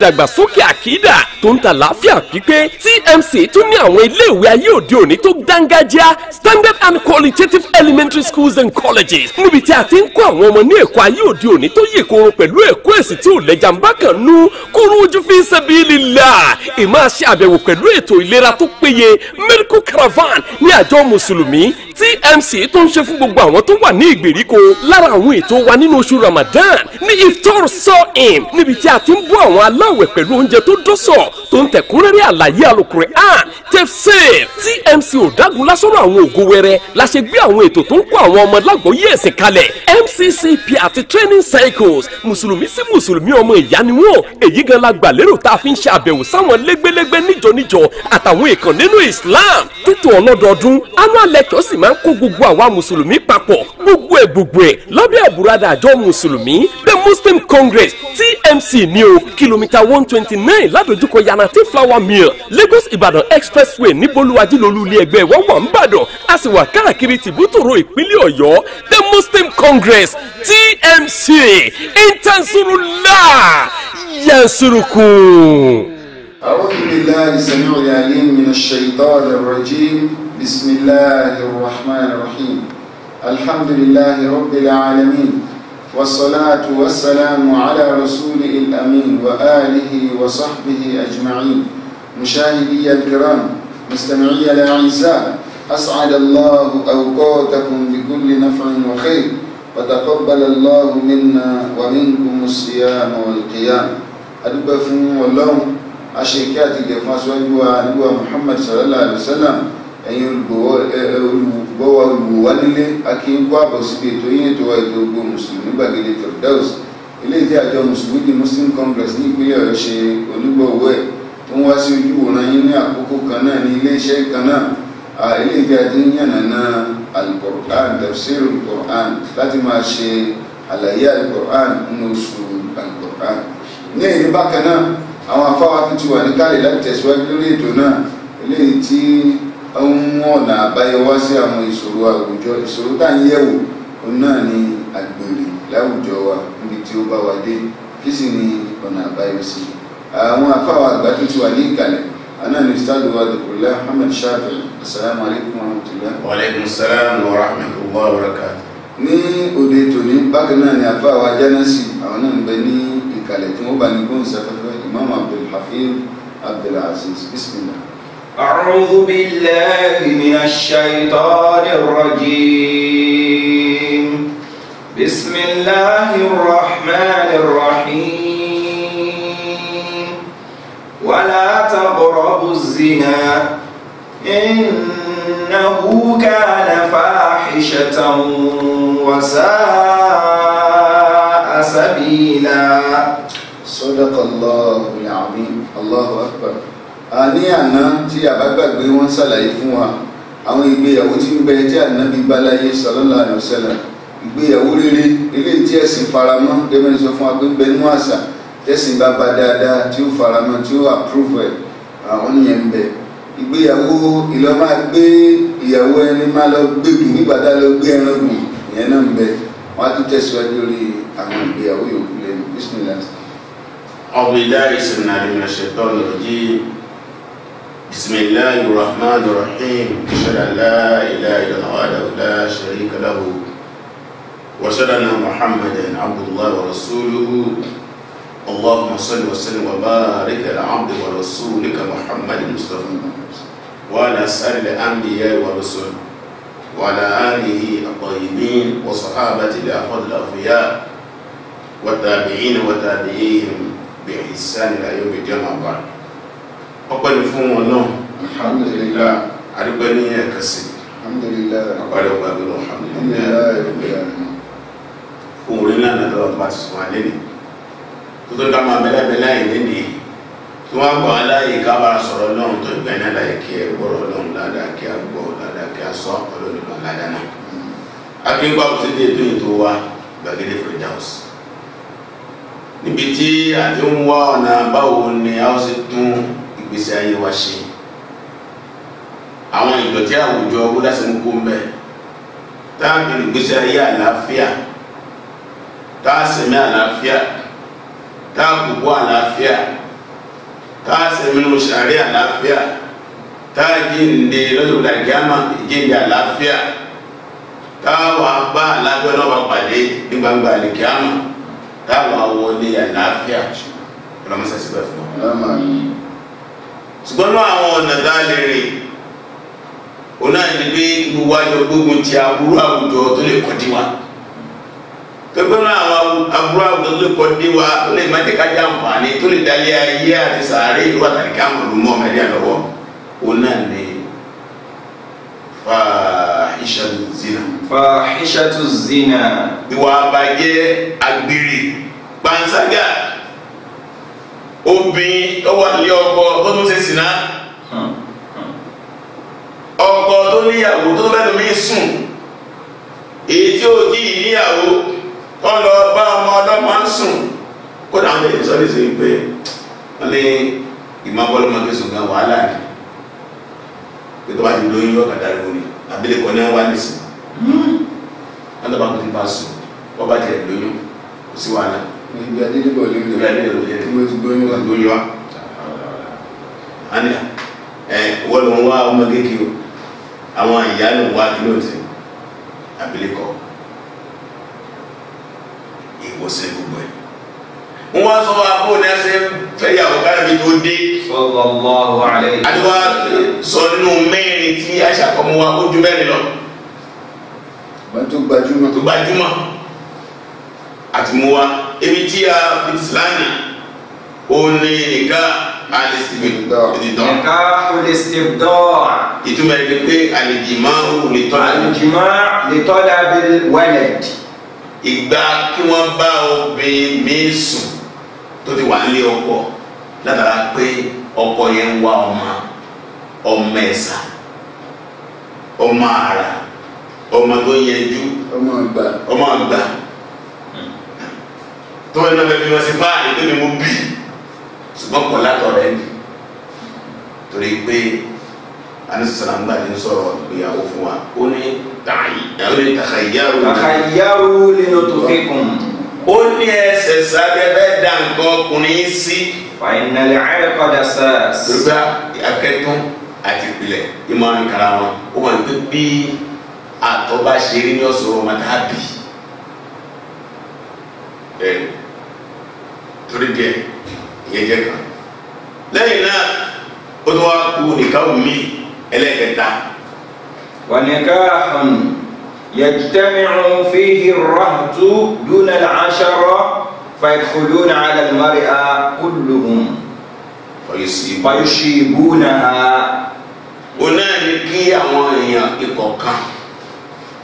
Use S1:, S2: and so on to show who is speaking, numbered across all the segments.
S1: ìdàgbàsókè àkídà tó ń ta láàfíà pípé TMC tún ní àwọn iléèwé ayé òde òní tó dángájá standard and qualitative elementary schools and colleges níbi tí a ti ń kọ́ àwọn ọmọ ní ẹ̀kọ́ ayé òde òní tó yè koro pẹ̀lú ẹ̀kọ́ ẹ̀sìn tí ò lẹ́jà ń bá kàn nú kúrú ojú fi sabilillah ìmáa ṣe àbẹ̀wò pẹ̀lú ètò ìlera tó péye medical caravan ní àjọ mùsùlùmí tmc tó ń ṣe fún gbogbo àwọn tó wà ní ìgbèríko lára àwọn ètò wa nínú oṣù ramadan ní iftar sọ́ọ̀m níbi tí a ti ń bọ́ àwọn aláwẹ̀ pẹ̀lú oúnjẹ tó dọ́sọ̀ tó ń tẹ̀kúnrẹ́rẹ́ àlàyé alukur'an tefsir tmc ò dágun lásọ̀rọ̀ àwọn ògo wẹrẹ la ṣe gbé àwọn ètò tó ń kó àwọn ọmọ lágbóyè ẹ̀sìn kalẹ̀ mccp àti training cycles mùsùlùmí sí mùsùlùmí ọmọ ìyá ni wọn èyí gan la gbàlérò tá a fi ń ṣe àbẹ̀wò sáwọn lẹ́gbẹ́lẹ́gbẹ́ níjọ níjọ àtàwọn ìkànnì nínú islam títò ọlọ́dọọdún anú alẹ́ kí ó sì má ń kó gbogbo àwa mùsùlùmí papọ̀ gbogbo ẹ̀ gbogbo ẹ̀ lábẹ́ àbúradà àjọ mùsùlùmí the muslim congress tmc ní o kìlómítà one twenty nine ládojúkọ yanati flower mill lagos ìbàdàn expressway níbolúwájú lolú ilé ẹgbẹ́ wọ́n wà ń bàdàn a sì wà káàkiri tìbútòrò ìpínlẹ̀ ọ̀yọ́ the muslim congress tmc intansurula yansurukun.
S2: أعوذ بالله السميع العليم من الشيطان الرجيم بسم الله الرحمن الرحيم الحمد لله رب العالمين والصلاة والسلام على رسوله الأمين وآله وصحبه أجمعين مشاهدي الكرام مستمعي الأعزاء أسعد الله أوقاتكم بكل نفع وخير وتقبل الله منا ومنكم الصيام والقيام أدب fún Ọlọ́run a ṣe kí àti gẹ̀ fún aṣáájú wa ẹ̀yin olùgbọ́wọ́ olùwálélé akínkú àbọ̀ síbi ètò yín ètò wa ètò gbogbo mùsùlùmí gbàgede Firdaus eléyìí tí àjọ mùsùlùmí di Muslim Congress ní ìpínlẹ̀ Ọ̀yọ́ ṣe onígbọ̀wọ́ ẹ̀ tó ń wá sí ojú wòran yín ní àkókò kan náà ní iléeṣẹ́ kan náà eléyìí tí a ti alukoran tafsir alukoran láti máa ṣe àlàyé alukoran nínú oṣù alukoran ní èyí bákan náà àwọn afáwá tuntun wà ní kálí láti tẹ̀síwájú lórí ètò náà eléyìí ń mú ọ̀nà àbáyọ wá sí àwọn ìṣòro àwùjọ ìṣòro tá à ń yẹ̀wò òun náà ni àgbèrè láwùjọ wa níbi tí ó bá wa dé kí sì ni ọ̀nà àbáyọ sí àwọn afáwà àgbà tó ti wà ní ìkàlẹ̀ أنا الأستاذ الله محمد شافعي السلام عليكم ورحمة الله وعليكم السلام ورحمة الله وبركاته ní òde tòní bákan náà ni àfa wa jẹ́nẹ́sì àwọn náà ń bẹ ní ìkàlẹ̀ tí wọ́n bá ní gbóhùn sáfẹ́fẹ́ imam abdulhafiz abdulaziz bismillah. أعوذ بالله
S3: من الشيطان الرجيم بسم الله الرحمن الرحيم ولا تقربوا الزنا إنه كان فاحشة وساء
S2: سبيلا صدق الله العظيم الله أكبر ní àná tí àbágbàgbé wọn ṣàlàyé fún wa àwọn ìgbéyàwó tí ń bẹ tí ànábì bá láyé sallallahu alaihi wasallam ìgbéyàwó rere eléyìí tí ẹ̀sìn faramọ́ gẹ́gẹ́ bí sọ fún wa pé ń àṣà tẹ̀sìn bá ba dáadáa tí ó faramọ́ tí ó approve ẹ̀ àwọn yẹn ń bẹ ìgbéyàwó ìlọ máa gbé ìyàwó ẹni máa lọ gbégbù nígbà tá a lọ gbé ẹran gùn ìyẹn náà ń bẹ wọn á tún tẹ̀síwájú lórí àwọn ìgbéyàwó yòókù lẹ́nu bísí
S4: بسم الله الرحمن الرحيم أشهد أن لا إله إلا الله لا شريك له وأشهد أن محمدا عبد الله ورسوله اللهم صل وسلم وبارك على عبد ورسولك محمد المصطفى وعلى سائر الأنبياء والرسل وعلى آله الطيبين وصحابة الأفضل الأوفياء والتابعين وتابعيهم بإحسان إلى يوم الجمعة بعد ọpẹ́ ni fún wọn náà alhamdulillah adúpẹ́ ní ẹ̀ka sí alhamdulillah àpàdé ọgbà gbẹ̀rọ alhamdulillah ohun orí ńlá náà lọ́wọ́ bá ti sùn alẹ́ ni tó tó dáa máa bẹ́lẹ̀ bẹ́lẹ̀ yìí níbi tí wọ́n á gbọ́ aláyè ká bá sọ̀rọ̀ náà tó gbẹ̀ náà láyè kí ẹ gbọ́rọ̀ náà ládàá kí a gbọ́ ládàá kí a sọ ọlọ́ọ̀nì lọ ládàá náà akínkpá kò dé ètò ètò wa gbàgede Firdaus níbi tí àti ń wá ọ̀nà báwo ni a ó sì tún ìgbésí ayé wa ṣe àwọn ìdọ̀tí àwùjọ owó láti mú kó ń bẹ̀ táàbì ìgbésí ayé àlàáfíà táàsẹ̀mí àlàáfíà táàbùkù àlàáfíà táàsẹ̀mí òṣàrí àlàáfíà táàjíǹde lọ́dọ̀dà gíámà ìjíǹde àlàáfíà táwa bá àlàáfíà náà wà pàdé ní gbangba a táwa wọlé àlàáfíà ọlọ́mọsàsíbẹ̀ fún wa ṣùgbọ́n náà àwọn ọ̀nà tá a lè rìn òun náà ní pé gbogbo àjọ gbógun ti aburú àwùjọ tó lè kọ́ di wa gbogbo náà àwọn aburú àwùjọ tó lè kọ́ di wa tó lè má ti ká jẹ àǹfààní tó lè dalẹ̀ ayé àti sàárè ìlú àtàríkà mọ̀lúmọ́ ọmọdé àlọ́wọ́ òun náà ní fàáhíṣàtú zina. fàáhíṣàtú zina. ìwà àbàjẹ́ àgbèrè panṣágà obìnrin tó wà nílé ọkọ tó tún ṣe sìná hmm, hmm. ọkọ tó níyàwó tó bẹ́ẹ̀ lómi sùn èyí tí ó kí ìníyàwó
S3: kọ́ lọ bá ọmọ ọlọ́mọ ń sùn
S4: kó dàwọn ẹ̀yìn sọ́ọ́ lẹ́sẹ̀ pé wọ́n ní ìmọ̀bọ́lọ́mọdé sùn gan wàhálà ni pé tó bá ti lóyún yóò kàdá lóyún ni abilékọ ní wá nísìn hmm. wọ́n dábàá tó ti bá sùn wọ́n bá tiẹ̀ lóyún kò sí wàhálà ibi adédébọ̀ lè rí rẹ̀ tí mo ti gbóyún wà lórí wa. àníyà ẹ wọ́n lọ wá ọmọ kékeré àwọn ìyá ló wá kíló ti abilékọ ìwòsàn gbogbo ẹ wọ́n wá sọ wá bó ní ẹsẹ̀ fẹ́yàwó káàbí tó dé. sallallahu alaihi. adéwà sọ nínú mẹ́rin tí aṣa kọ́mọ wa ó ju mẹ́rin lọ. wọ́n tó gbajúmọ̀. tó gbajúmọ̀ àti mú wa ibi tí
S3: a fi sílánì òní nìka alìsìbìdọ́. nìka olùsìbìdọ́. ìtumọ̀ ẹni pé alìjìmá lè tọ́ la. alìjìmá lè tọ́ la bí wẹ́lẹ̀d.
S4: ìgbà kí wọ́n bá obìnrin mi sùn tó ti wà nílé ọkọ látara pé ọkọ yẹn ń wá ọmọ ọmọ ẹ̀sà ọmọ àrà ọmọ tó yẹjú ọmọ àgbà ọmọ àgbà tó ẹni náà bẹ́ẹ̀ fi wọ́n sí báyìí tó ni mo bì ṣùgbọ́n kọ̀ látọ̀ rẹ̀ ni torí pé anisala ń gbà ní sọ̀rọ̀ ìgbéyàwó fún wa ó ní tàkàyàrú tàkàyàrú nínú tó fi kùn. ó ní ẹsẹ̀ sábẹ́fẹ́ dà nǹkan ọkùnrin sí. fàìnàlẹ̀ àìkọ́dà sars. dùgbà akẹ́tún
S2: àti ìpìlẹ̀ ìmọ̀ràn kara
S4: wọn ó wà ní bí àtọ́ bá ṣe rí ní ọ̀sọ̀rọ̀ ọmọdé á bì torí díẹ̀ ìyẹn jẹ́ kan
S3: lẹ́yìn náà ó tó wá kú nìkan mi ẹlẹ́kẹta. wa nikahun yajtami'u fihi ar-rahtu duna al-ashara fayadkhuluna 'ala al-mar'a kulluhum fayusibunaha. o náà ní kí
S4: àwọn èèyàn ikọ̀ kan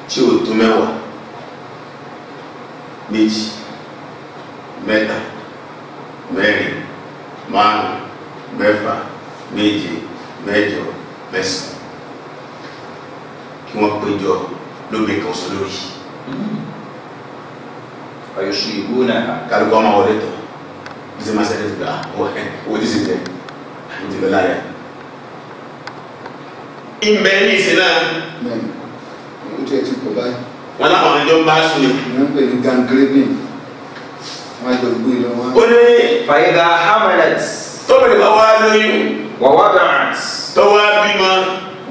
S4: tí o tó mẹ́wàá méjì mẹ́ta mẹ́rin márùn mẹ́fà méje mẹ́jọ mẹ́sàn kí wọ́n péjọ lómi kan sọ lórí. àyùsù ìbú náà. kálukú ọmọ wọlé tán bí sẹ́ máa ṣẹlẹ̀ gbà ah, oh, eh, owó tí sì tẹ̀ àmì ti bẹ̀ láyà. ìmẹ̀ ní ìsìn
S2: náà. bẹ́ẹ̀ni o tẹ ẹ ti kọ báyìí. wọn láwọn ọmọ ẹjọ ń bá sùn ni. ń pè ní gangrene ó ní fàyídà hamalet
S3: tọ́mọdé bá wá lóyún wà wá bẹ̀rẹ̀ tó wá bímọ.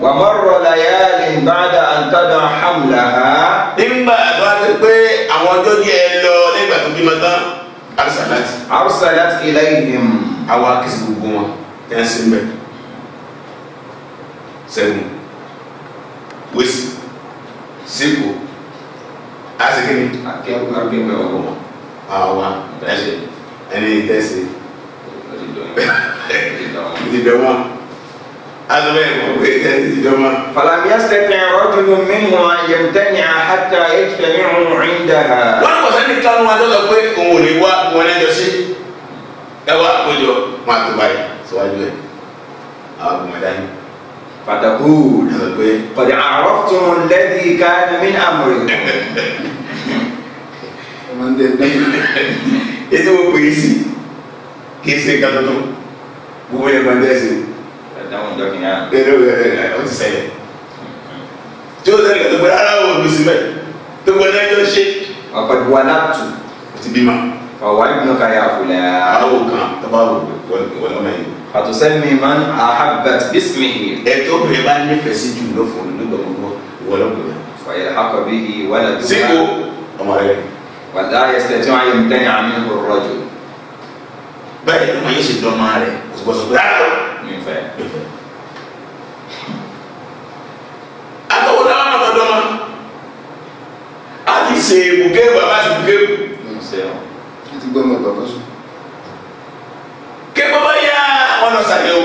S3: wà mọ́rọ̀ làyàlì bàdà àǹtàdà hamlaha. nígbà tó a ti pé àwọn ọjọ́ díẹ̀ lọ nígbà tó bímọ tán arsalat. arsalat ilayhim awa kìsì
S4: gbogbo wọn ẹ̀ ń sinmi sẹ́gun wesi seko asekeni akẹ́kọ̀ọ́ akẹ́kọ̀ọ́ ọ̀gbọ̀n àwa ẹni tẹsí ìdìdọ̀mọ́ azọba yẹn kò pé tẹsí ìdìdọ̀mọ́.
S3: falamiya sẹtẹ rọdùnú mímu ayẹmutẹni ahata ẹtẹni ọhún dáhà. wọn kò sẹ́ni kanu adọlọ pé òun ò lè wá wọn ẹjọ sí ẹwà àkójọ
S4: wọn àti báyìí síwájú ẹ àwọn àgùnmọdá yìí. fatakuu
S3: kọjá àrọ́fùtún lẹ́dí ká ní àmúrí ń tẹ dání. ètò wo pè é sí kí é sí nǹkan tuntun gbogbo yẹn máa ń tẹ̀sí. dáhùn dọ́kì náà. ẹ̀rọ ẹ̀rọ ó ti ṣẹlẹ̀. tí ó ṣẹlẹ̀ tó gbọ́dọ̀ aláwọ̀ gbèsè bẹ́ẹ̀ tó gbọ́dọ̀ ẹjọ́ ṣe. ọ̀pọ̀lọpọ̀ wa náà tù. o ti bímọ. ọ̀wá ìbùnú kárí àfọlẹ́. aláwọ̀ kan tó bá wọ̀ wọ́n mọ̀ yìí. fatusẹ́mi man ahabat bisimihi. ẹ̀tọ́ bẹ̀rẹ̀ bá nífẹ̀ẹ́ sí jù lọ fún un nígbà gbogbo wọ́n lọ́kùnrin. fàyẹ̀ akọ̀bí wàlẹ̀ dùn. síkò ọmọ rẹ̀ wàlá yẹsẹ̀ tí wọ́n ayé ń tẹ́yìn àmì ìrọ̀rọ̀ jù. bẹ́ẹ̀ ni wọ́n yé ṣe dọ́mọ rẹ̀ òṣùpọ̀ṣùpọ̀ rárá. Ah, mi fẹ́.
S4: àtọwọ́dá wọn àtọ́ dọ́mọ a ti ṣe bùkẹ́rù bàbá ti bùkẹ́rù. a ti gbọ́ ọmọ bàbá sùn. kẹ́kọ̀ọ́ bá yá ọ̀nà sàyẹ̀wò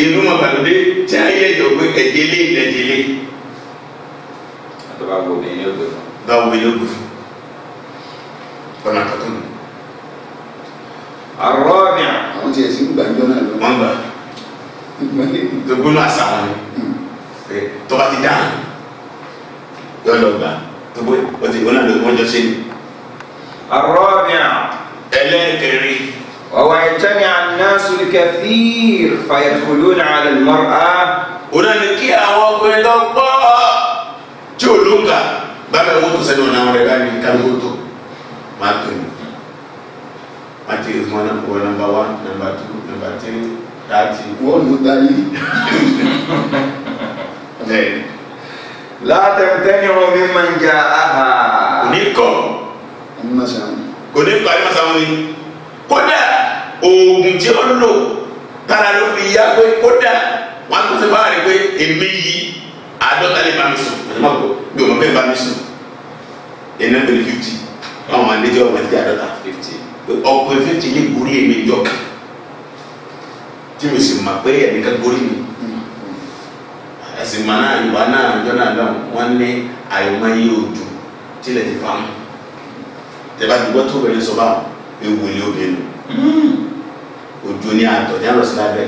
S4: ìlú mọ̀gbàlódé tí a yẹ jọ pé ẹ̀jẹ̀ lé ìdẹ̀jẹ̀ lé. àtọ́ba wo obìnrin yóò gbé fún. báwo ni yóò gbé fún
S2: ọ̀nà tuntun ni. àrọ́ọ̀bìà. àwọn tiẹ̀ sí ń gbàjọ́ náà lọ. wọ́n gbà. gbogbo àṣà wọn ni hmm.
S3: tọ́ba ti dáhùn yọ lọ gbà gbogbo ọtí wọn náà ló wọ́n jọ ṣe ni. àrọ́ọ̀bìà. ẹlẹ́ẹ̀kẹrin. ọ̀wà ìtẹ́ni ànásù kẹfìr fàyẹ̀kùlù náà lè kí àwọn ọkùnrin tí ò lóǹkà bá bẹ̀rẹ̀ wọ́n tó sẹ́ni ọ̀nà àwọn ẹ̀rọ ẹ̀ka
S4: ló tó marking marking is one number, number one number
S3: two number three thirty. wọ́n mú dayé. látẹ̀tẹ̀ni wọn mi máa ń ja aha. kò ní kọ́ kò ní kọ́ àyùmọ̀sá wọn ni kódà oògùn
S4: tí ó lò tára ló fi yá pé kódà wọn tún ti bá rí pé èmi yìí àádọ́ta lè bá mi sùn mi ò mọ̀ bẹ́ẹ̀ bá mi sùn ẹ̀ pẹ̀lú fifty wọn máa ní tí wọn máa ti àdọ́ ta fifty ọ̀pọ̀ fifty ní borí èmi jọ kan tí mi sì mà pé ẹnìkan borí mi ẹ̀sìn mà náà yorùbá náà jọ náà náà wọ́n ní àyọ̀mọ́ yìí ò dùn tilẹ̀ ti fa mu tẹ̀bá ti gbọ́ tó bẹ̀rẹ̀ sọ báwọn ewu ni ó bẹ̀rẹ̀ nù ojú ni àtọ̀ ní àlọ́sí lábẹ́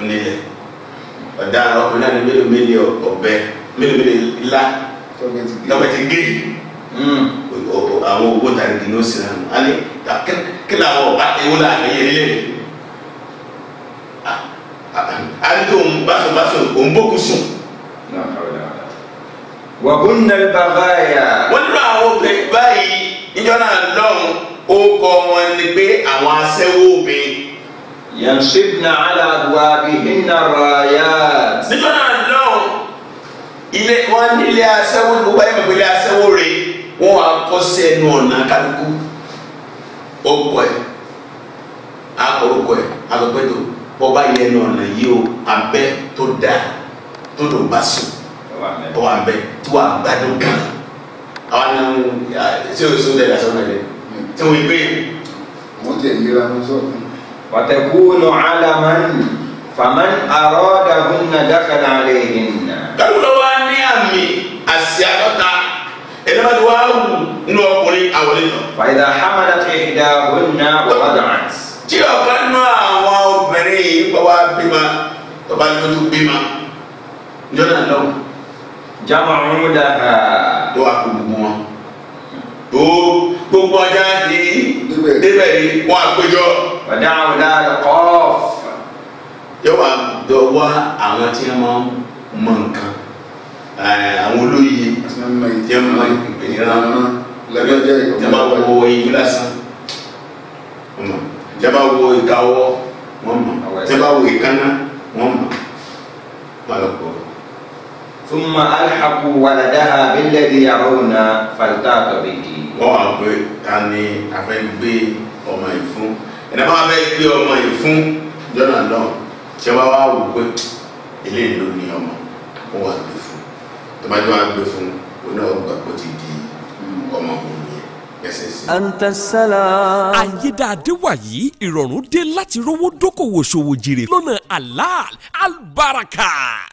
S4: onílẹ̀ ọ̀daràn ọkùnrin náà ní mélòó mélòó ọ̀bẹ mélòó mélòó ńlá lọ́bẹ̀ ti gé. Hmm. àwọn owó tàbí kì ní ó sinra nù á ní kílà wọ bá ewu
S3: la àyè ilé á ní tó ń báṣọ báṣọ òun bókú sùn. wàgùn nàlẹ́ bàbá yà. wọ́n nílò àwọn obìnrin báyìí níjọ́ náà lọ́hùn ó kọ́ wọn ni pé àwọn aṣẹ́wó obìnrin. yansibna ala abwabihinna rayat. níjọ́ náà lọ́hùn ilé wọn ní ilé aṣẹ́wó gbogbo ayé mi pé ilé aṣẹ́wó
S4: rèé wọn wà kọsẹ̀ ẹnu ọ̀nà kálukú ọkọ̀ ẹ̀ akọ̀rọ̀kọ̀ ẹ̀ alọ́pẹ̀tọ̀ bọ́ba yẹ ẹnu
S2: ọ̀nà yìí o abẹ́ tó da tó lò bá sùn ọwọ́ abẹ́ tó wà gbádùn kan àwọn ṣé o sún dẹ́gbà sọ́nà rẹ̀ tí wọ́n gbé. wọ́n tẹ̀ yíra
S3: wọn sọ́nà. wàtẹ̀kùnù alaman faman arọ́dàgùn nàdàkàdà àlẹ́ yìí nà. kálukú ló wá ní àmì àsíá ẹni bá ti wá wù nínú ọkùnrin àwọlé náà. fàyidà hamada ti ìdá òun náà wà wá dàn.
S4: tí ọ̀kan nú àwọn obìnrin yìí bá wá bímọ tó bá ní ojú bímọ jọ́nà lọ́wọ́. jámọ̀ ọ̀run dàgbà. tó wà kó gbogbo wọn. tó gbogbo ọjà ní débẹ̀ ní wọn àpéjọ. ọ̀dà àwọn ọ̀dà kọ́ọ̀f. yóò wá dọ̀wọ́ àwọn tí wọ́n mọ nǹkan àwọn olóyè jẹma ìrànà lẹgbẹjẹ jama wo ìlú lásán
S3: wọn mọ ثم ألحقوا ولدها بالذي يرون فالتاق به. pé ta ni a gbé ọmọ yìí fún
S4: ẹ̀dá máa gbé ọmọ yìí fún jọ́nà náà ṣé wàá wá pé eléyìí ló ní ọmọ wọ́n wá gbé fún tó bá gbé fún 我们把土地
S1: 还给我们。àyédáadé wàyí ìrọ̀rùn dé láti rówó dókòwò ṣòwò jèrè lọ́nà halal albaraka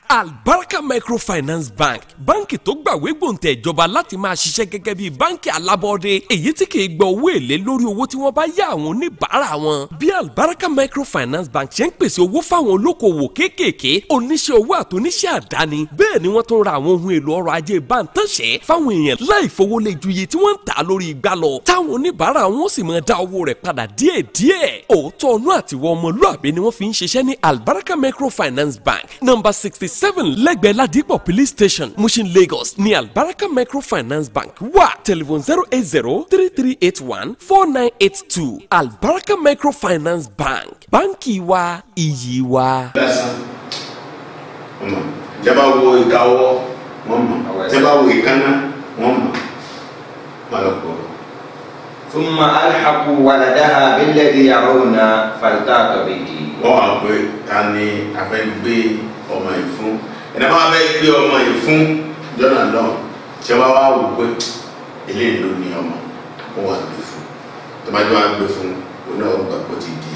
S1: albaraka microfinance bank báǹkì tó gbàwé gbòǹtẹ̀ ìjọba láti máa ṣiṣẹ́ gẹ́gẹ́ bí báǹkì alábọ́ọ́dé èyí tí kì í gba owó èlé lórí owó tí wọ́n bá yá àwọn oníbàárà wọn. bí albaraka microfinance bank ṣe ń pèsè owó fáwọn olókoòwò kéékèèké oníṣẹ́ owó àtúnṣe àdáni bẹ́ẹ̀ ni wọ́n tún ra àwọn ohun èlò ọrọ̀ lọ táwọn oníbàárà wọn sì máa dá owó rẹ̀ padà díẹ̀díẹ̀ òótọ́ ọ̀nù àtiwọ́ ọmọlúàbí ni wọ́n fi ń ṣiṣẹ́ ní albaraka microfinance bank number sixty seven lẹ́gbẹ̀ẹ́ ladipo police station mushin lagos ní albaraka microfinance bank wà telephone zero eight zero three three eight one four nine eight two albaraka microfinance bank báńkì wa
S4: iyì wa.
S3: jẹ́ bá wo ìkáwọ́ wọ́n mọ̀ jẹ́ wo ìkánná wọ́n mọ̀. ثم ألحقوا ولدها بالذي يرون فالتاق به. wọ́n á gbé ta ni a fẹ́ gbé ọmọ yìí
S4: fún ẹ̀dá máa fẹ́ gbé ọmọ yìí fún jọ́nà náà tí wọ́n wá wò pé
S2: eléyìí ló ní ọmọ ó wà gbé fún tó wá gbé fún òun náà gbà pé ó
S4: ti di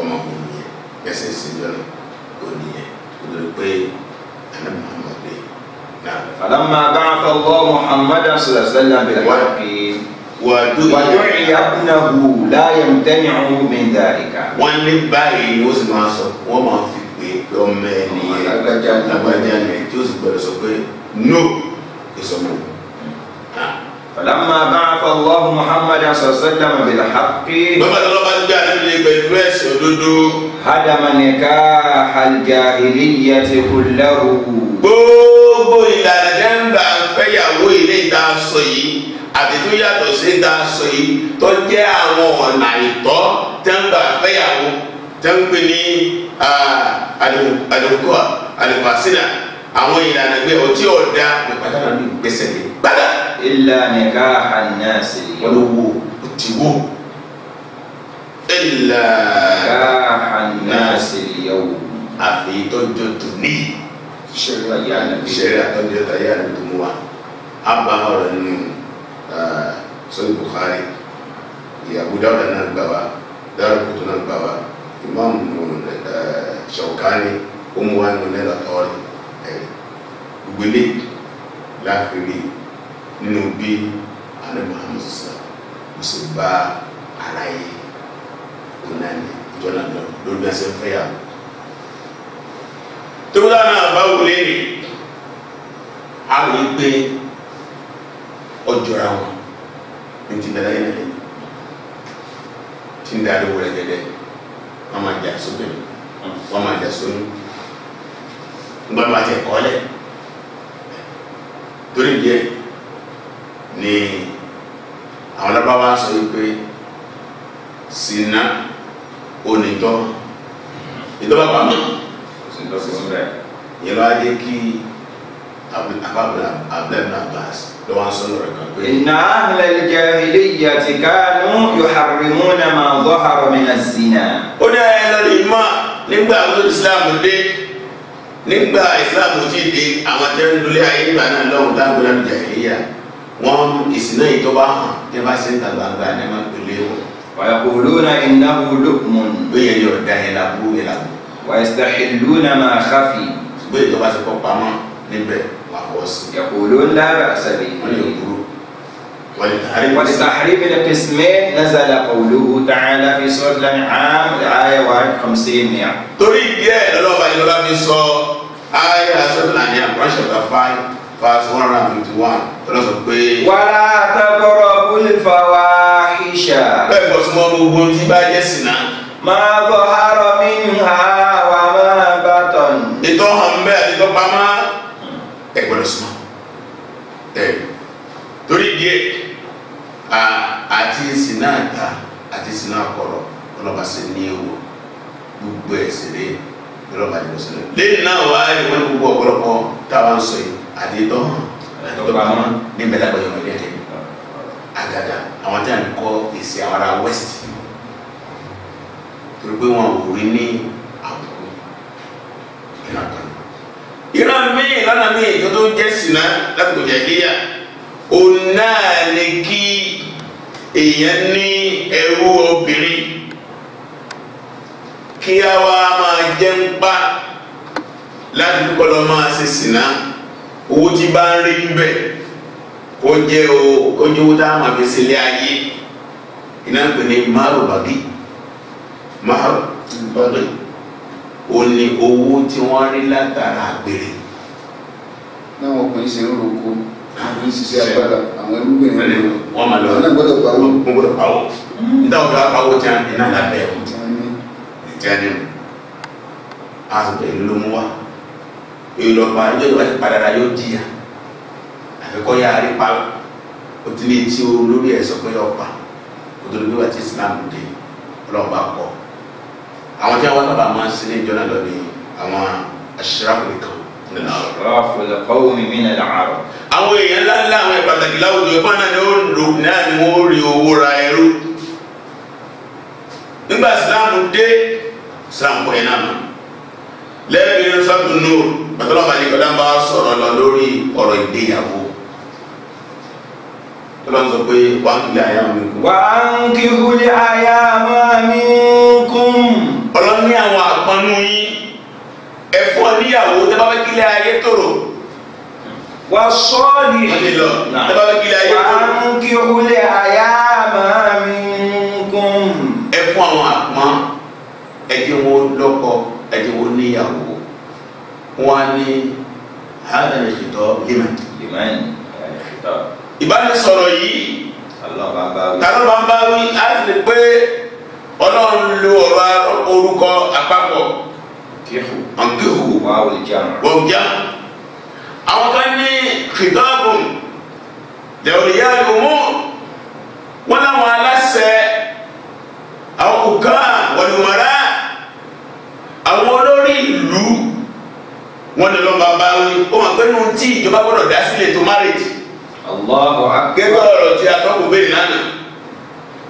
S4: ọmọ òun nìyẹn bẹ́sẹ̀ jọ́nà òun nìyẹn nítorí pé
S3: ẹ̀dá Muhammad náà. فلما بعث الله محمدا صلى الله عليه وسلم بالحق wàdúrà ìyàkúnnáwó láyé ntẹ́ni àwọn obìnrin
S4: dàríkà. wọ́n ní báyìí ni ó sì máa sọ wọ́n máa fi pé ọmọ ẹnìyẹn
S3: lágbájá ni tí ó sì gbọdọ̀ sọ pé no ìsọmọ. Ah. فلما بعث الله محمدا صلى الله عليه وسلم بالحق بابا لو بان جاء لي بالبس ودودو هدم نكاح الجاهلية كله gbogbo ìlànà jẹ́ ń gbà fẹ́yàwó ilé ìta sọ yìí
S4: àti tó yàtọ̀ sí ta sọ yìí tó jẹ́ àwọn ọ̀nà ìtọ́ tẹ́ fẹ́yàwó tẹ́ ní àdìmùkọ́ àdìmùfàsínà àwọn ìlànà gbé ọtí ọ̀dà pàtàkì gbèsè ní gbàdá. ilà nìka
S3: àná sí. wọ́n wo ti wo. ilà nìka
S4: àná sí yẹ̀wò. àfi
S2: tọ́jọ́ tó ní.
S4: sẹ́rí àtọ́jọ́ tó yára tó mú wa. a bá ọ̀rọ̀ nínú. Ah, sọ́yìn Bukhari Abu Dawud náà gbà wá Daraqutni náà gbà wá Imam eh, Shawkani omuwa ní ọ̀nẹ́dà tọ́ọ̀rì ẹ̀rí gbogbo ilé láfiri nínú bí anábọ̀ hamusa musu bá ara yẹ onani ìjọba náà lórí ẹsẹ̀ fẹ́yà tó dáná bá wọlé ni àwọn ìgbé ọjọra wọn ní ti bẹ̀rẹ̀ yẹn lẹ́yìn tí ń darí wọlé gẹ́gẹ́ wọn máa jà sóbẹ̀ wọn máa jà sóyún nígbà máa tẹ kọ́lẹ̀ torí díẹ̀ ni àwọn lábáwá sọ yìí pé sinna onijọ́ ìjọba pamọ́ ìyẹn lọ́wọ́ adé kí abdul abbas ló wá ń sọ lọ́rọ̀ kan pé. inna
S3: ahla al-jahiliyyati kanu yuharrimuna ma zahara min az-zina. ó ní ayé lọ ní mọ́ nígbà tó islam dé nígbà
S4: islam ti di àwọn tẹ́lẹ̀ lórí ayé nígbà náà lọ́wọ́ dágbére jahiliyya wọn
S3: ìsìnà yìí tó bá hàn tẹ́ bá ṣe ta gbangba ní ma pèlè wọn. ويقولون إنه لؤم. bóyá yóò da yẹn la bú yẹn la bú. ويستحلون ما خفي. bóyá tó bá ṣe kọ́ pamọ́ níbẹ̀. يقولون لا بأس به ولتحريم القسمين نزل قوله تعالى في سورة الأنعام الآية 51 نعم. torí díẹ̀ lọ́lọ́ba ìlọ́lá mi sọ
S4: ayé asọ́tún àní àbúrọ̀ṣẹ̀ bá fáyín fáṣọ one hundred and fifty one tọ́lọ́sọ pé. wàrà
S3: àtàkọ́rọ̀ bùlùfà wá ìṣà. bẹ́ẹ̀ bọ̀ sí mọ́ gbogbo tí bá jẹ́ sìnà. máa bọ̀ àrọ̀ mi ń ha wà máa bàtọ̀. ètò hàn bẹ́ẹ̀ àti tó pamọ́ gbọ́dọ̀ súnmọ́
S4: ẹ torí díẹ̀ àti sinna ta àti sinna kọ̀rọ̀ ọlọ́ba sì ní ewu gbogbo ẹ̀sìn ní ọlọ́ba yìí lọ́sọ̀rọ̀ lẹ́yìn náà wà á yẹ wọ́n gbogbo ọ̀pọ̀lọpọ̀ táwọn sọ yìí àti dọ́n àtọ́pamọ́ ní mẹ́tàgbọ́ yọ̀mọ̀ ní ẹ̀dẹ́ àgàdà àwọn tí a ń kọ́ èsì àwọn ará west torí pé wọn ò rí ní ìran míì lọ́nà míì tó tó ń jẹ́ sìnà láti kò jẹ́ òun náà ni kí èèyàn ní ẹrú obìnrin kí a wá máa jẹ́ ń pa láti dúkọ́ lọ máa ṣe sìnà owó tí bá ń rí níbẹ̀ kó jẹ́ owó tá a máa fi sílé ayé iná ń pè ní márùbágì márùbágì
S2: o ní owó tí wọ́n rí látara àgbèrè. náwọn ọkùnrin ṣe ń roko àwọn ìṣiṣẹ́ agbára àwọn irúgbìn
S4: rẹ̀ wọ́n máa lọ wọ́n náà gbọ́dọ̀ pawó. wọ́n gbọ́dọ̀ pawó mm-hmm.
S2: níta wọ́n gbọ́dọ̀ pawó tí a ní náà lábẹ́ ọ̀
S4: tí a ní o àgbẹ̀ ló mú wa ìlọ́pàá ẹjọ́ ìwà ìpadàdà yóò jìyà àfikọ́ yà á rí pa ó ti ní tí olórí ẹ̀ sọ pé ọ̀pá kó tó lórí wa ti Islam dé ọlọ́ọ̀bá kọ́ ọ àwọn tí wọn sábà máa ń sin ní ìjọ náà lọ ní àwọn aṣíráfù nìkan
S3: nínú àrò. aṣíráfù lẹ́kọ̀ọ́ mi mí nàlẹ́ àrò.
S4: àwọn èèyàn ńlá ńlá àwọn ìpàtàkì láwùjọ ìpá náà ni wọ́n lò náà ni wọ́n rí owó ra ẹrú. nígbà sàmù dé sàmù kọ́ náà mọ̀ lẹ́yìn sábà nù bàtàlọ́ bàjẹ́ kọ́dá bá sọ̀rọ̀ lọ lórí ọ̀rọ̀ ìgbéyàwó ọlọ́run sọ pé wàá kí lè àyà mi kún.
S3: wàá kí lè àyà máa mi kún ọlọ́run ní àwọn àpọnú yín ẹ̀fọ́ níyàwó tẹ́ bá fẹ́ kílẹ̀ ayé tòrò wà sọ́ọ̀lì tẹ́ bá fẹ́ kílẹ̀ ayé tòrò. àrùn kí olè àyà máa mi gùn. ẹ fún àwọn àpọ́n
S4: ẹ jẹ́ wọn lọ́kọ ẹ jẹ́ wọn níyàwó wọn á ní hàdà lè ṣètò lèmẹ̀. lèmẹ̀ ìbánisọ̀rọ̀ yìí tàlọ́ bá ń bá wí á sì lè pé ọlọ́run lu ọ̀rọ̀ orúkọ àpapọ̀ ọ̀nkẹ́hù wọ̀njà àwọn kan ní kìtọ́ọ̀bùn lẹ́wọ̀lìyá lòmú wọn làwọn aláṣẹ àwọn kùkà wọ̀lùmọ̀rá àwọn olórí ìlú wọn lè lọ bàbá wí ó mà pé nu tí ìjọba gbọdọ̀ dá sílẹ̀ tó márèjì.
S3: Allahu akbar.
S4: gẹ́gẹ́ ọ̀rọ̀ tí a tọ́kù bẹ́ẹ̀ lánàá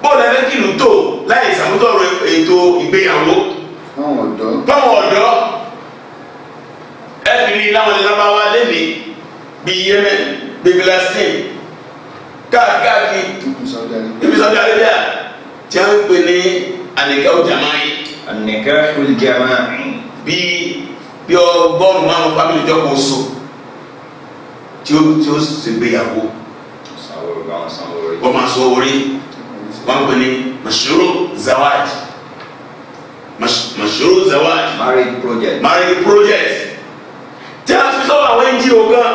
S4: bóòlù ẹgbẹ́ kìlú tó láì ṣàmútọ̀rọ̀ ètò ìgbéyàwó. báwọn ọ̀dọ́. báwọn ọ̀dọ́ ẹ fi rí láwọn ìlànàbáwá lẹ́nu bíi Yemen bíi Palestine káàkiri ibi Saudi Arabia tí a ń pè ní anikahu jama'i. anikahu jama'i. bíi bí ọgọ́rùn-ún márùn-ún fámìlì jọ kò so tí ó tí ó sì gbéyàwó. sanwó-orí
S3: báwọn sanwó-orí.
S4: wọ́n máa sanwó-orí wọn pè ní mashuru zawaj mashuru zawaj marriage project marriage project tí a fi sọ́wọ́ àwọn ẹnjí o gan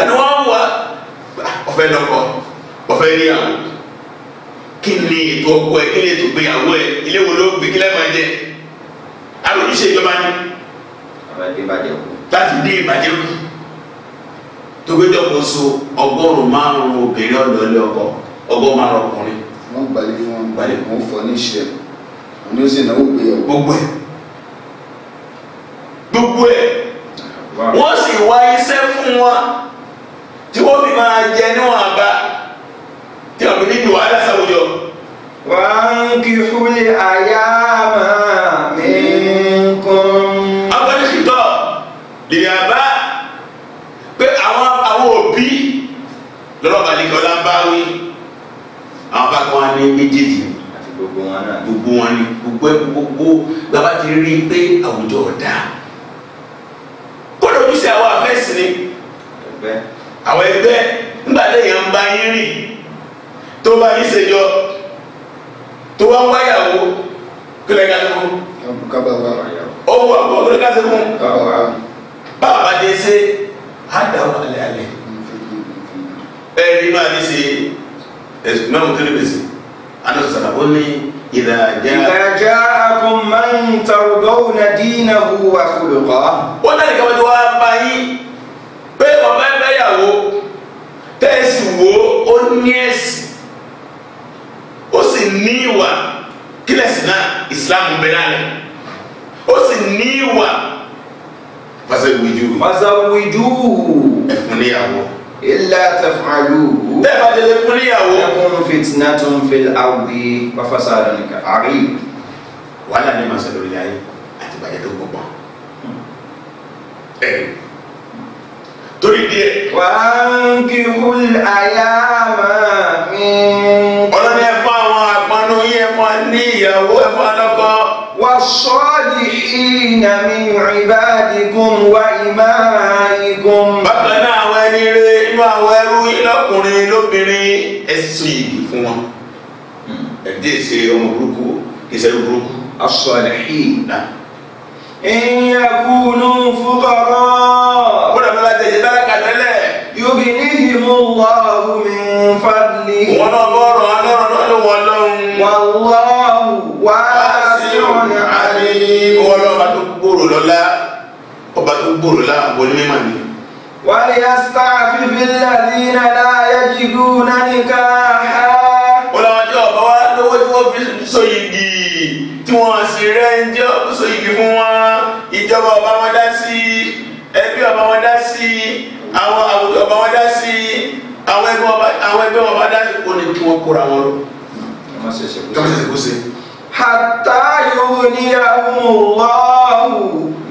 S4: ẹni wọ́n wà ọ̀fẹ́ lọ́kọ ọ̀fẹ́ níyàwó kí ni ètò ọkọ ẹ kí ni ètò ìgbéyàwó ẹ ilé wo ló gbé kí lẹ́ẹ̀ máa jẹ àròyìn ṣe ìjọba ni láti dé ìbàjẹ́ kù tó gbé dọ̀kọ̀ so ọgọ́rùn-ún márùn-ún obìnrin ọ̀dọ́ ilé ọkọ ọgbọ́n máa rọ ọkùnrin.
S2: wọ́n gbalẹ̀ fún wọn gbalẹ̀ wọ́n fọ ní iṣẹ́ wọn ni ó sì náwó gbéyàwó. gbogbo ẹ̀ gbogbo ẹ̀
S3: wọ́n sì wá iṣẹ́ fún wọn tí wọ́n fi máa jẹ níwọ̀n àbá tí wọ́n ní ìwà aláṣàwùjọ. wàá ń kí fúlẹ̀ àyà.
S4: ní méjèèjì gbogbo wọn náà gbogbo wọn ni gbogbo ẹ gbogbo bàbá ti rí i pé àwùjọ ọ̀dà kódà ojúṣe àwọn afẹ́sì ni àwọn ẹgbẹ́ nígbà téèyàn ń bá yín rìn tó bá yín ṣèjọ tó wá wáyàwó kílẹ̀ ká tó ó wù àbọ̀ kílẹ̀ ká tó mú bàbá dé ṣe á dà alẹ́ ẹ̀rí máa ní ṣe ẹ̀sùn náà mo tó bèsè adọ́sọ̀sọ̀lá ó ní ìdájá. ìdájá
S3: akun máa ń tarùgọ́wò na dínà huwa kúlùkọ́. ó náà nìkan wájú wá bá yín pé ọmọ ẹgbẹ́ yàwó tẹ́sí wo
S4: ó ní ẹ̀sìn ó sì ní ìwà kílẹ̀sì náà ìsìlámù bẹ̀rẹ̀ rẹ̀ ó sì ní ìwà. fasa
S3: wujú. fasa wujú. ẹ̀fun níyàwó ilà tẹfàlú. bẹ́ẹ̀ bá délé fún níyàwó. ẹkún fìtínà tó ń fi àwùjẹ wáfàṣà àdánìkà àrí wàhálà ní màsà lórí ayé àti ìbàjẹ́ tó gbọ̀gbọ̀n. ẹ torí díẹ̀. wà á ń kí hul àyà máa mi. ọlọ́ni ẹ fún àwọn àpọnú yẹn fún wa ní ìyàwó ẹ fún wa lọ́kọ. wà sọ́ọ̀dì ìnàmì ìbádìgún wà ìmáàmì gún. bákan náà àwọn ẹni rẹ̀ àwọn ẹrú yín lọ́kùnrin
S4: lóbìnrin ẹ ṣe ìgbì fún wọn ẹ dé ṣe ọmọ burúkú
S3: ìṣẹ́lú burúkú aṣọ àlẹ́ hìnnà. ìyàkùnú fúkọ̀rọ̀ kódà bí wọ́n ti ṣe dára kàtẹ́lẹ̀. yóò ní ìmú wà omi fadli. wọn náà bọ̀rọ̀ alọ́rọ̀ náà ló wọ́n lọ́hùn. wallahu wasi'un alim. wọ́n lọ́ba tó gbòòrò lọ́la ọba tó
S4: gbòòrò láàbò ní mímọ́ ni.
S3: وليستعفف الذين لا يجدون نكاحا
S4: ó làwọn tí ọba wa lówó tí wọ́n fi so yìgì tí wọ́n sì rẹ́ ń jẹ́ so yìgì fún wọn ìjọba ọba wọn dá sí i
S3: ẹbí ọba wọn dá sí i àwọn àwùjọ ọba wọn dá sí i àwọn ẹgbẹ́ ọba àwọn ẹgbẹ́ ọba dá sí i ó ní kí wọ́n kóra wọn lọ. kàmá ṣẹ̀ṣẹ̀ kó ṣe. hatta yughniyahumullahu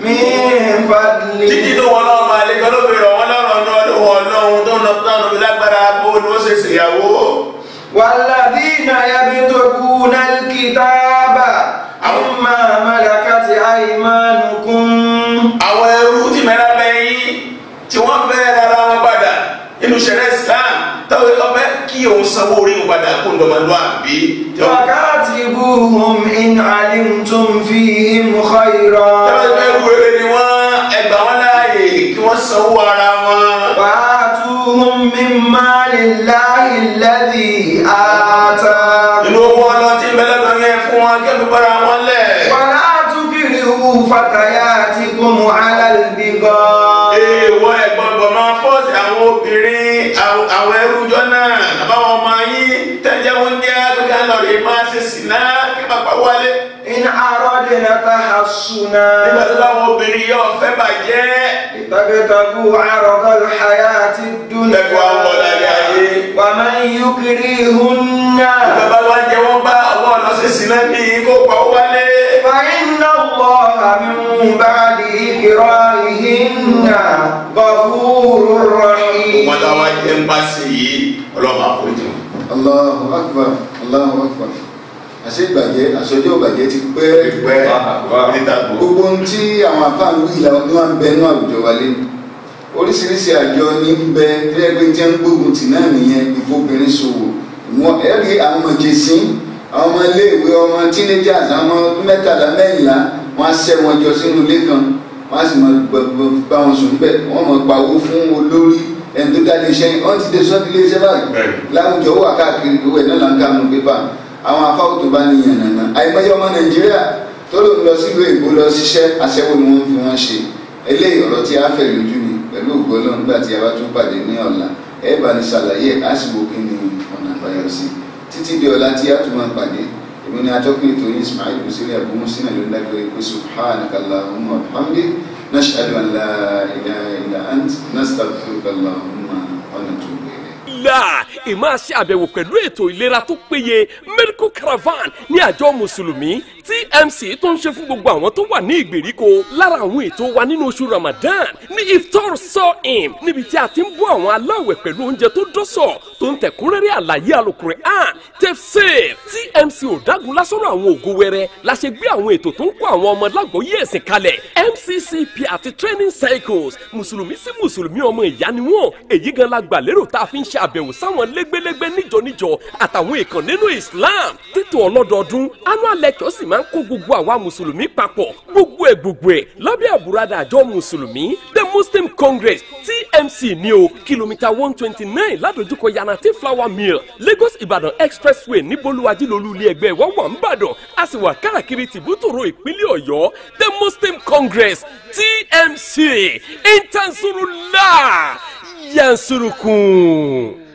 S3: min fadli. títí tó wọn náà máa lè gbọ́dọ̀ bẹ̀rẹ̀ ọ ìyàwó wàlàdínà yabitọ́kù nàìkìtàbà àmà màlàkàtì àìmánukùn. àwọn ẹrú ti mẹ́ra lẹ́yìn tí wọ́n fẹ́ rárá wọn padà nínú ṣẹlẹ̀ Islam táwọn ọbẹ̀ kí òun sanwó orí wọn padà kó ndọ̀mọdún àbí. wákàtí buhum in alimtum fihim khayra. مما لله الذي آتى ولا تكرهوا فتياتكم على البغاء èèwọ̀ ẹ̀gbọ̀ngbọ̀n máa fọ́ọ̀sì àwọn obìnrin àwọn ẹrújọ́ náà àbáwọn ọmọ yín tẹ́jẹ́ oúnjẹ gbẹ́gẹ́ lọ́ọ̀rì máa ṣe sì náà kí bàbá wálé in aradna tahassuna. nígbà tó táwọn obìnrin yọ fẹ́ bàjẹ́. ìtàgẹ́tàgù àrògọ́l hayati dunya. ẹ̀kọ́ àwọn ọ̀làyà yé. wa man yukrihunna. bàbá wa jẹ́ wọ́n bá ọwọ́ ọ̀nà sísì náà bí kó pa ó wálé. fa inna Allaha min ba'di ikrahihinna ghafurur rahim. wọ́n táwọn jẹ́ ń sí yìí ọlọ́run
S2: àforíjì. Allahu akbar Allahu akbar àṣẹ ìbàjẹ́ àṣọjọ́ ìbàjẹ́ ti pẹ́ pẹ́ gbogbo ohun tí àwọn afáàlú ìlà ni wọ́n ń bẹ ní àwùjọ wa lé oríṣiríṣi àjọ ní ń bẹ tẹ́lẹ̀gbẹ́ tí wọ́n ń gbógun tì náà nìyẹn ìfobìnrin ṣòwò wọn ẹ̀rí àwọn ọmọ jẹ̀sìn àwọn ọmọ iléèwé ọmọ teenagers àwọn ọmọ mẹ́tàlá mẹ́rìnlá wọ́n á ṣẹ́ wọn jọ sínú ilé kan wọ́n á sì máa bá wọn sùn bẹ́ẹ̀ wọ́n máa pawó fún olórí ẹni tó dá iléeṣẹ́ yìí wọ́n ti dé sọ́ọ́ iléeṣẹ́ báyìí láwùjọ wà káàkiri gbogbo ẹ̀ náà là ń ká mú pépà àwọn afáwò tó bá ní yànnàná àìmọye ọmọ nàìjíríà tó lòun lọ sílùú èkó lọ ṣiṣẹ́ aṣẹ́wó ni wọ́n fi wọ́n ṣe eléyìí ọ̀rọ̀ tí a fẹ́ lójú ni pẹ̀lú ògo Ọlọ́run nígbà tí a bá tún pàdé ní ọ̀la ẹ bá ní ṣàlàyé àsìkò kí ni ọ̀nà àbáyọ sí títí di ọ̀la tí a tún máa pàdé èmi ni atọ́kùn ètò yìí Ismail Kusili Abumusinna ló ń dágbére pé subhanakallahumma wa bihamdik nashhadu an la ilaha illa ant nastaghfiruka allahumma wa natubu
S1: alhamdulillah ìmáa ṣe àbẹ̀wò pẹ̀lú ètò ìlera tó péye medical caravan ní àjọ mùsùlùmí tmc tó ń ṣe fún gbogbo àwọn tó wà ní ìgbèríko lára àwọn ètò wa nínú oṣù ramadan ní iftar sohim níbi tí a ti ń bọ́ àwọn aláwẹ̀ pẹ̀lú oúnjẹ tó dọ́sọ̀ tó ń tẹ̀kúnrẹ́rẹ́ àlàyé alukur'an tefsir tmc ò dágun lásọ̀rọ̀ àwọn ògo wẹrẹ la ṣe gbé àwọn ètò tó ń kó àwọn ọmọ lágbóyè ẹ̀sìn kalẹ̀ mccp àti training cycles mùsùlùmí sí mùsùlùmí ọmọ ìyá ni wọ́n èyí gan àbẹ̀wò sáwọn lẹ́gbẹ́lẹ́gbẹ́ níjọ́níjọ́ àtàwọn èèkàn nínú Islam títò ọlọ́dọọdún annual lecture sì máa ń kó gbogbo àwa mùsùlùmí papọ̀ gbogbo ẹ̀ gbogbo ẹ̀ lábẹ́ àbúradà àjọ mùsùlùmí the Muslim Congress TMC ní o kìlómítà one twenty nine ládojúkọ Yanati flower mill Lagos Ìbàdàn expressway níbolúwájú lolú ilé ẹgbẹ́ wa wà ń bàdàn a sì wà káàkiri tìbútòrò ìpínlẹ̀ Ọ̀yọ́ the Muslim Congress TMC intansurula 坚持。